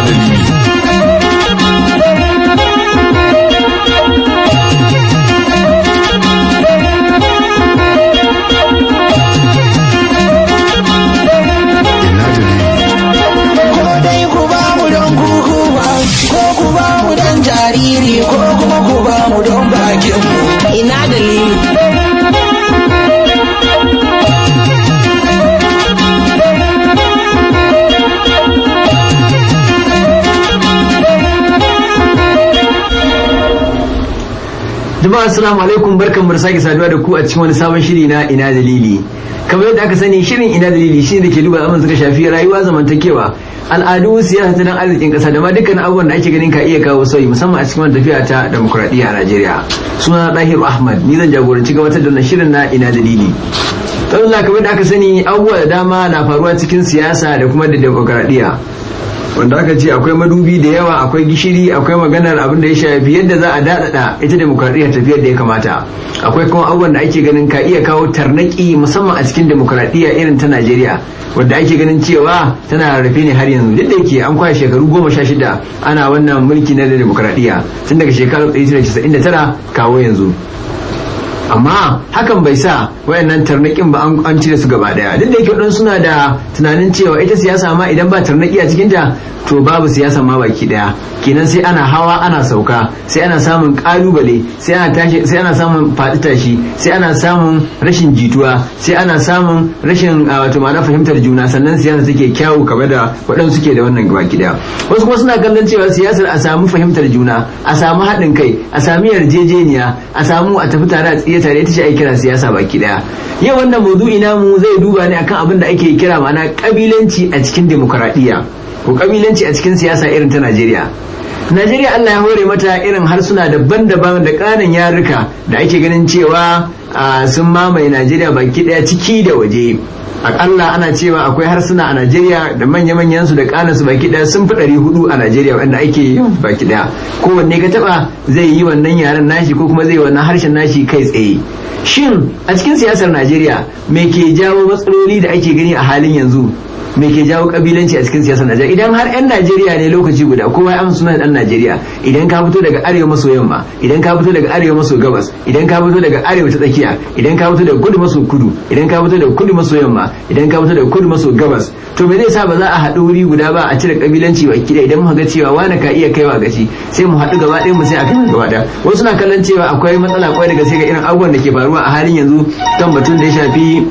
Saturday. assalamu alaikum barkan mu sake saduwa da ku a cikin wani sabon shiri na ina dalili kamar yadda aka sani shirin ina dalili shine da ke duba abin suka shafi rayuwa zamantakewa al'adu siyasa tattalin arzikin kasa da ma dukkan abubuwan da ake ganin ka iya kawo sauyi musamman a cikin wannan tafiya ta demokradiyya a Najeriya suna Dahiru Ahmad ni zan jagoranci gabatar da wannan shirin na ina dalili tsawon kamar da aka sani abubuwa da dama na faruwa cikin siyasa da kuma da demokradiyya wanda aka ce akwai madubi da yawa akwai gishiri akwai maganar abin da ya shafi yadda za a daɗaɗa ita demokradiyya tafiyar da ya kamata akwai kuma abubuwan da ake ganin ka iya kawo tarnaki musamman a cikin demokradiyya irin ta najeriya wadda ake ganin cewa tana rarrafe ne har yanzu duk da yake an kwaya shekaru goma sha shida ana wannan mulki na demokradiyya tun daga shekarar 1999 kawo yanzu amma hakan bai sa wayannan tarnakin ba an cire su gaba daya duk da yake wadansu suna da tunanin cewa ita siyasa ma idan ba tarnaki a cikin ta to babu siyasa ma baki daya kenan sai ana hawa ana sauka sai ana samun kalubale sai ana tashi sai ana samun faɗi tashi sai ana samun rashin jituwa sai ana samun rashin wato ma'ana fahimtar juna sannan siyasa take kyawu kamar da waɗansu suke da wannan baki daya wasu kuma suna kallon cewa siyasar a samu fahimtar juna a samu haɗin kai a samu yarjejeniya a samu a tafi tare a tsira suke tare ta ce ai kira siyasa baki daya yau wannan maudu'i mu zai duba ne akan abin da ake kira ma'ana kabilanci a cikin demokradiyya ko kabilanci a cikin siyasa irin ta Najeriya Najeriya Allah ya hore mata irin harsuna daban-daban da ƙanan yaruka da ake ganin cewa ah, sun mamaye Najeriya baki daya ciki da waje akalla ana cewa akwai harsuna a Najeriya da manya-manyan su da kana su baki daya sun fi ɗari hudu a Najeriya wanda ake baki baki daya kowanne ka taba zai yi wannan yaren nashi ko kuma zai wannan harshen nashi kai tsaye shin a cikin siyasar Najeriya me ke jawo matsaloli da ake gani a halin yanzu me ke jawo kabilanci a cikin siyasar Najeriya idan har yan Najeriya ne lokaci guda kowa ya amsa sunan dan Najeriya idan ka fito daga arewa maso yamma idan ka fito daga arewa maso gabas idan ka fito daga arewa ta tsakiya idan ka fito daga kudu maso kudu idan ka fito daga kudu maso yamma idan ka fito daga kudu maso gabas to me zai sa ba za a haɗu wuri guda ba a cire kabilanci ba kida idan muka ga cewa wani ka iya kaiwa gaci sai mu haɗu gaba ɗaya mu sai a kan gaba ɗaya wasu na kallon cewa akwai matsala kwai daga sai ga irin abubuwan da ke faruwa a halin yanzu kan batun da ya shafi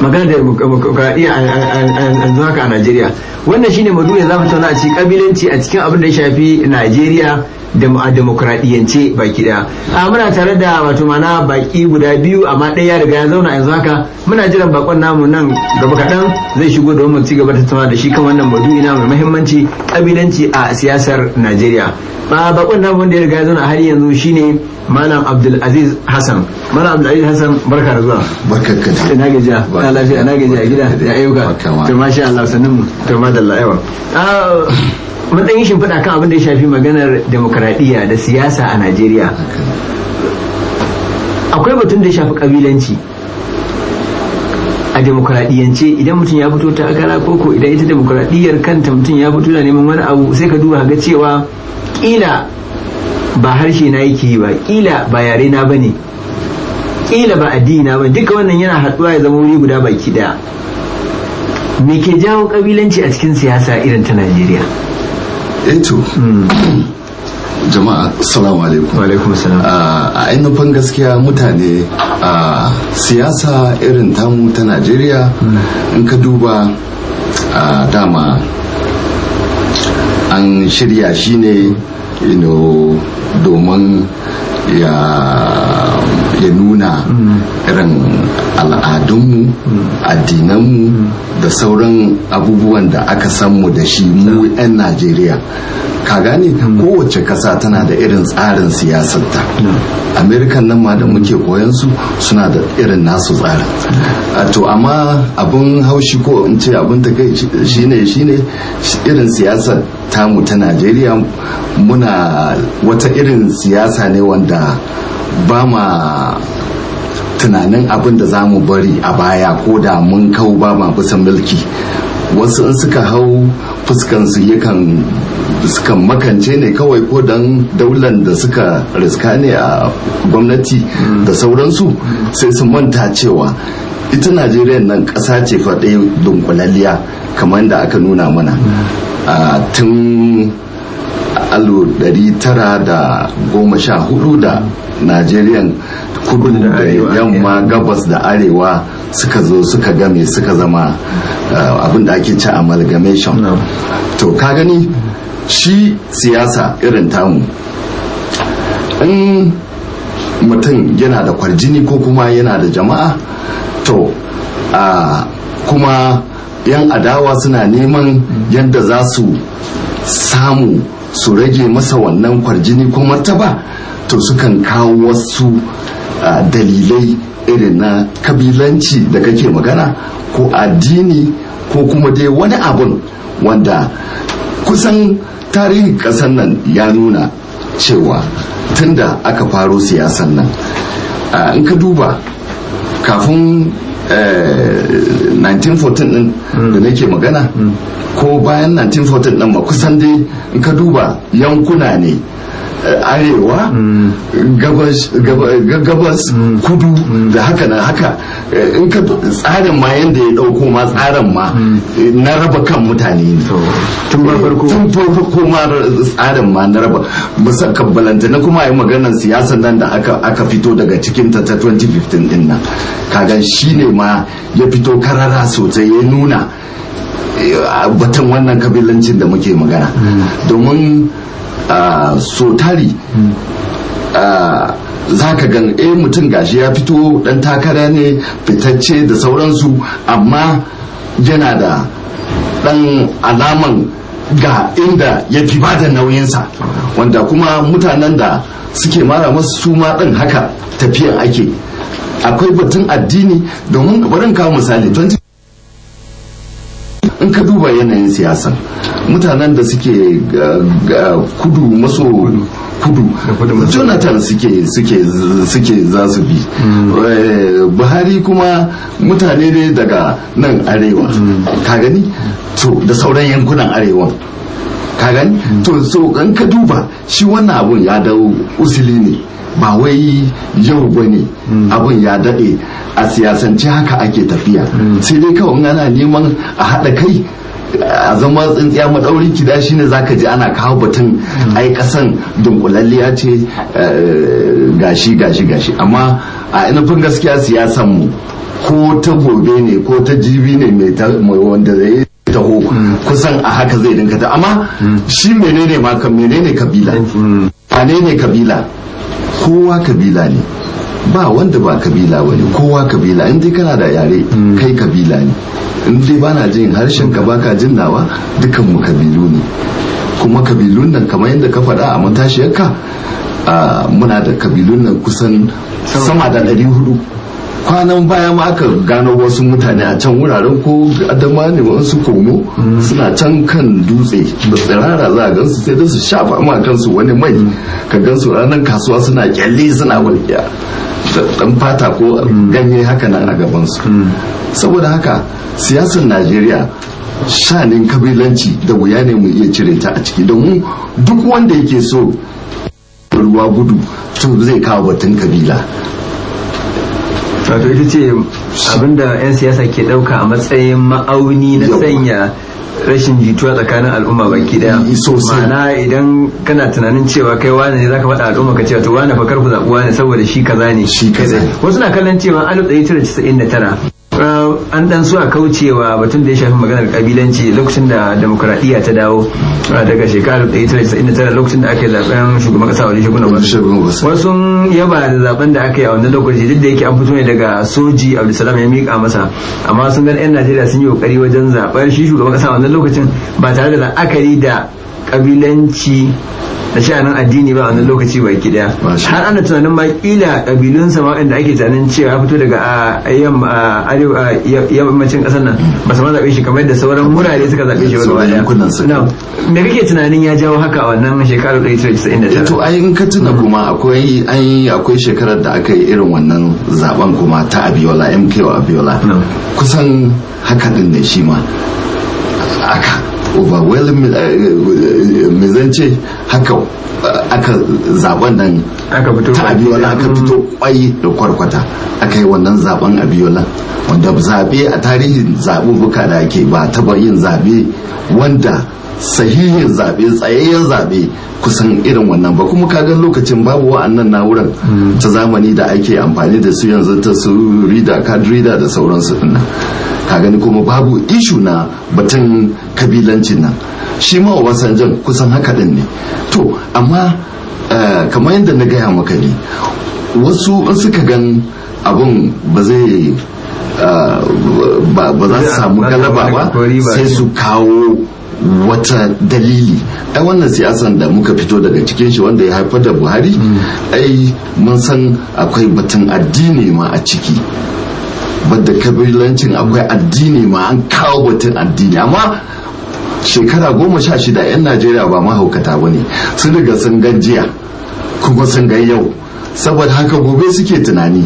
magana da demokradiyya a zaka a Najeriya wannan shine madurin za mu tauna a cikin kabilanci a cikin abin da ya shafi Najeriya da a demokradiyyance baki daya a muna tare da wato mana baki guda biyu amma ɗaya ya riga ya zauna yanzu haka muna jiran bakon namu nan gaba kaɗan zai shigo da mu ci gaba da tattauna da shi kan wannan maudu'i na mai muhimmanci kabilanci a siyasar Najeriya ba bakon namu wanda ya riga ya zauna a hali yanzu shine Malam Abdul Aziz Hassan Malam Abdul Aziz Hassan barka da zuwa barka ka ina gajiya lafiya na gaji a gida ya ayyuka to sha Allah sanin mu to madalla ah, matsayin shimfiɗa kan abin da ya shafi maganar demokradiyya da siyasa a Najeriya akwai batun da ya shafi kabilanci a demokradiyance idan mutum ya fito ta takara koko idan ita demokradiyyar kanta mutum ya fito da neman wani abu sai ka duba ga cewa kila ba harshe na yake yi ba kila ba yare na bane kila ba addina ba duka wannan yana haɗuwa ya zama wuri guda baki daya me ke jawo kabilanci a cikin siyasa irin ta najeriya eto eh hmm. jama'a assalamu alaikum alaikum assalam ah, a ainihin gaskiya mutane a siyasa irin tamu ta najeriya hmm. in ka duba a dama an shirya shi ne domin ya ya nuna irin al'adunmu addinanmu da sauran abubuwan da aka sanmu da shi mu 'yan najeriya ka gane kowace ƙasa tana da irin tsarin siyasarta amerikan nan ma da muke koyan su suna da irin nasu tsarin to amma abin haushi ko in ce abin ta kai shine shine irin siyasar tamu ta najeriya muna wata irin siyasa ne wanda ba ma tunanin abin da za mu bari a baya ko da mun kau ba ma bisa mulki wasu in suka hau fuskansu yakan sukan makance ne kawai ko don daular da suka riska ne a gwamnati da sauransu sai su manta cewa ita najeriya nan ƙasa ce faɗe dunkulaliya kamar da aka nuna mana a tun 1914 da najeriya kudu da yamma gabas da arewa suka zo suka game suka zama eh, abin da ake ci amalgamation to ka gani shi siyasa irin tamu in mutum yana da kwarjini ko kuma yana da jama'a to a kuma yan adawa suna neman yadda za su samu su rage masa wannan kwarjini ko martaba to sukan kawo wasu dalilai irin na kabilanci da kake magana ko addini ko kuma dai wani abun wanda kusan tarihin ƙasar nan ya nuna cewa tunda aka faro siyasan nan in ka duba kafin 1914 eh, din hmm. da nake magana hmm. ko bayan 1914 din ma kusan dai in ka duba yankuna ne arewa gabas kudu da haka na haka eh, in ka tsarin ma yadda ya dauko ma tsarin ma eh, na raba kan mutane ne tun farko tun farko ma tsarin ma na raba musa kabbalanta na kuma yi maganar siyasa nan da aka fito daga cikin ta 2015 din nan kagan shi ne ma ya fito karara sosai ya nuna eh, batun wannan kabilancin da muke magana mm. domin Sotari za ka gan eh mutum gashi ya fito dan takara ne fitacce da sauransu amma yana da dan alaman ga inda ya fi bada nauyinsa wanda kuma mutanen da suke mara masu suma din haka tafiya ake akwai batun addini domin barin kawo misali in ka duba yanayin siyasa mutanen da suke kudu maso kudu jonathan suke suke za su bi eh, buhari kuma mutane ne daga nan arewa ka gani to da sauran yankunan arewa ka gani to so ka duba shi wannan abun ya dawo usili ne ba wai yau ba ne hmm. abin ya daɗe a siyasance haka ake tafiya hmm. sai dai kawai ana neman a haɗa kai a zama tsintsiya maɗaurin kida za ka ji ana kawo batun hmm. ai kasan dunkulalliya ce eh, gashi gashi gashi amma a inafin gaskiya siyasan mu ko ta gobe ne ko ta jibi ne mai wanda zai taho kusan a haka zai dinka amma shi menene ma ka menene kabila kabila kowa kabila ne ba wanda ba kabila wani kowa kabila in dai kana da yare kai kabila ne in dai bana jin harshen ka baka jin nawa dukan mu kabilu ne kuma kabilun nan kamar yadda ka faɗa a matashiyarka muna da kabilun nan kusan sama da 400 kwanan baya ma aka gano wasu mutane a can wuraren ko adama ne wasu komo suna can kan dutse da tsirara za a gansu sai da su shafa ma kansu wani mai ka gansu ranar kasuwa suna kyalle suna walƙiya dan fata ko ganye haka na gabansu saboda haka siyasar najeriya shanin kabilanci da wuya ne mu iya cire ta a ciki domin duk wanda yake so ruwa gudu to zai kawo batun kabila wato ita ce abinda 'yan siyasa ke ɗauka a matsayin ma'auni na sanya rashin jituwa tsakanin al'umma baki daya eh, ma'ana idan kana tunanin cewa kai wane ne zaka faɗa al'umma ka cewa to wane fa karku zaɓuwa ne saboda shi kaza ne shi kaza wasu na kallon cewa tara. an dan su a kaucewa batun da ya shafi maganar kabilanci lokacin da demokuraɗiya ta dawo daga shekarar 1999 lokacin da ake zaben shugaban kasa wajen shugaban wasu. wasu yaba da zaben da aka yi a wannan lokaci duk da yake an fito ne daga soji abdulsalam ya miƙa masa amma sun gan yan najeriya sun yi kokari wajen zaben shi shugaban kasa a wannan lokacin ba tare da la'akari da kabilanci a nan addini ba a wannan lokaci baki daya har ana tunanin ma kila kabilun sama inda ake tunanin cewa ya fito daga yammacin kasar nan ba su ma zaɓe shi kamar yadda sauran wurare suka zaɓe shi gaba daya me kake tunanin ya jawo haka a wannan shekarar 1999 to ai in ka tuna mm. kuma akwai akwai shekarar da aka yi irin wannan zaben kuma ta abiola mko abiola kusan haka din ne shi ma haka overwhelming eh, eh, eh, me zan ce haka aka zaben nan ta abiyola aka fito mm. kwai da kwarkwata aka yi wannan zaben abiyola wanda zabe a tarihin zaɓuɓɓuka da ake ba taba yin zabe wanda sahihin zabe tsayayyen zabe kusan irin wannan ba kuma kaga lokacin babu wa'annan na'urar ta zamani da ake amfani da su yanzu ta su rida card reader da sauransu dinnan ka gani kuma babu ishu na batun kabilancin nan shi ma jan kusan haka din ne to amma eh, kamar yadda na gaya maka ne wasu in suka gan abun ba zai eh, ba za su samu galaba ba sai su kawo wata dalili ai wannan siyasan da muka fito daga cikin shi wanda ya haifar da buhari ai mun san akwai batun addini ma a ciki da kabilancin akwai addini ma an kawo batun addini amma shekara goma sha shida 'yan najeriya ba mahaukata ba ne sun riga sun gajiya kuma sun ga yau saboda haka gobe suke tunani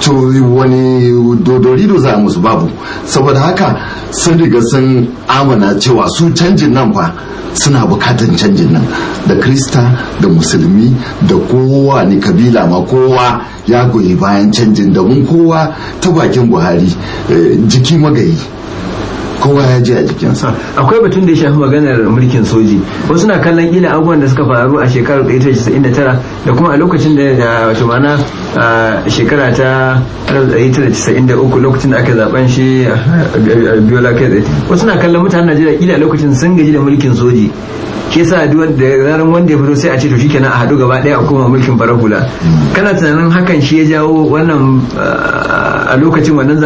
to wani dodorido za musu babu saboda haka sun riga sun amana cewa su canjin nan fa suna bukatan canjin nan da krista da musulmi da kowa ne kabila ma kowa ya goyi bayan canjin da mun kowa ta bakin buhari eh, jiki magayi kowa ya ji a jikinsa akwai batun da ya shafi maganar mulkin soji wasu na kallon ila abubuwan da suka faru a shekarar 1999 da kuma a lokacin da wato mana shekara ta 1993 lokacin da aka zaben shi biola kai wasu na kallon mutanen najeriya ila lokacin sun gaji da mulkin soji ke sa duwan da zaran wanda ya fito sai a ce to shikenan a haɗu gaba ɗaya a koma mulkin farar hula kana tunanin hakan shi ya jawo wannan a lokacin wannan